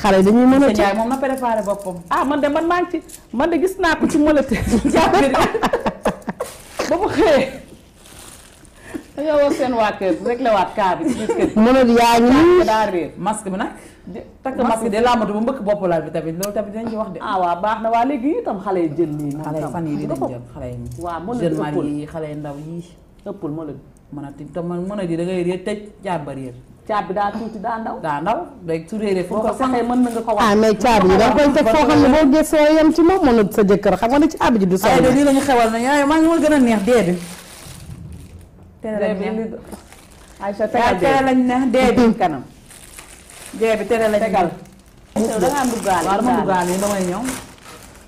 xale dañuy mën a jaay moom na préparé boppam ah man de man maa ci man de gis naa ko ci mëlëte waa waat kaa bi ci kër bi nag takk masque de laamatu laal bi tamit loolu tamit wax ah, baax waa léegi itam xale yi jël nii xale fan ndaw yi ëppul mënat mënat itam mënat yi tëj jàmba réer caabi daa tuuti daa ndaw. daa ndaw léegi ko saxee mën na ko wax. ah mais caabi ji da nga koy teg foo xam ne boo gëstoo yem ci moom mënut sa jëkkër xam nga ne caabi ji du. soxla aywa lii la xewal na yaay maa ngi ma gën a neex dee bi. tere lañ neex Aïcha tegal tere lañ dee bi kanam. dee bi tere lañ tegal. da nga am duggaale waaw dama damay ñëw.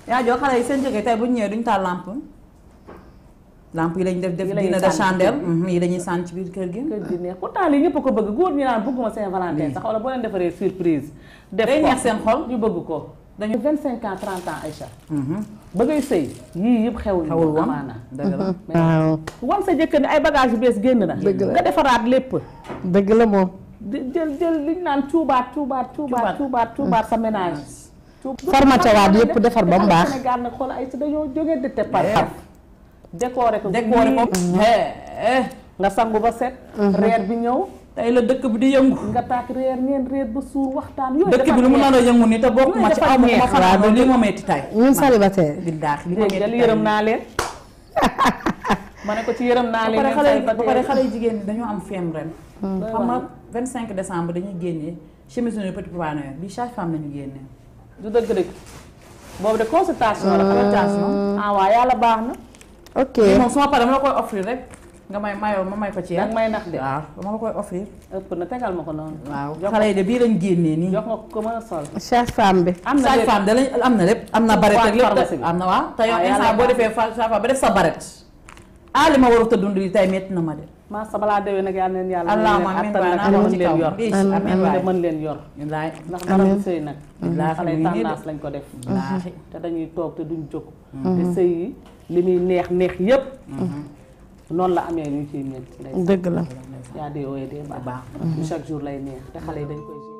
yaa joo xale yi seen jóge tey bu ñu ñëwee duñu taal lamp lamp yi lañ def def dina de chandelle mhm, yi la ñuy ci biir kër gi. kër gi neex lii ñëpp ko bëgg góor ñi naan bëgguma Saint-Valentin sax wala boo leen defaree surprise. def ko day neex seen ñu bëgg ko. dañu 25 ans 30 ans Aïcha. Mhm. ba ngay sëy yii yëpp xewul. xewul woon amaana dëgg la waaw. wan sa jëkkër ne ay bagages yu bees génn na. dëgg la nga defaraat lépp. dëgg la moom. di jël jël li ñu naan tuubaat tuubaat tuubaat tuubaat tuubaat sa ah. ménage. farma cawaat yëpp defar ba mu baax. Sénégal xool ay dañoo jógee dëtte par décoré ko. décoré ko nga sangu ba set. Mhm. reer bi ñëw. tey la dëkk bi di yëngu. nga taak reer ngeen reer ba suur waxtaan. yooyu dëkk bi lu mu nar a yëngu nii te bokk ma ci aw ma xam ne lii ma daax li ma metti yërëm naa leen. ma ne ko ci yërëm naa leen. ba pare xale jigéen ñi dañoo am feem ren. Hmm. xam nga cinq décembre dañuy génne chemise suñu petit pois noël bi chaque femme nañu génnee. du dëgg dëgg boobu de consultation la. Hmm. consultation hmm. ah waaw yàlla baax na. ok moom su ma paree dama la koy offrir rek nga may mayoo ma may ko ci yàlla. may nax de waaw ah, dama la koy offrir. ëpp eh, na tegal ma ko noonu. waaw xale yi de bii lañ génnee nii. jox ma ko mën sol. sage femme bi. am na femme da lañ am na lépp. am na barette ak lépp am na waaw. te ah, yow instant boo defee sage femme ba def sa barette. ah li ma war a tëddund yi tey métti na ma de. maa sa balaa déwén nag yal na leen yàlla. allahumma amiin waay naa mën leen yor amiin waay mën leen yor. ndax dara sëy nag. xale yi tendance lañ ko def. te dañuy toog te duñ jóg. di sëy li muy neex neex yépp mm-hmm. noonu la amee lu ciy métti. dëgg la yaa de ooyee baax. chaque jour lay neex te xale yi dañ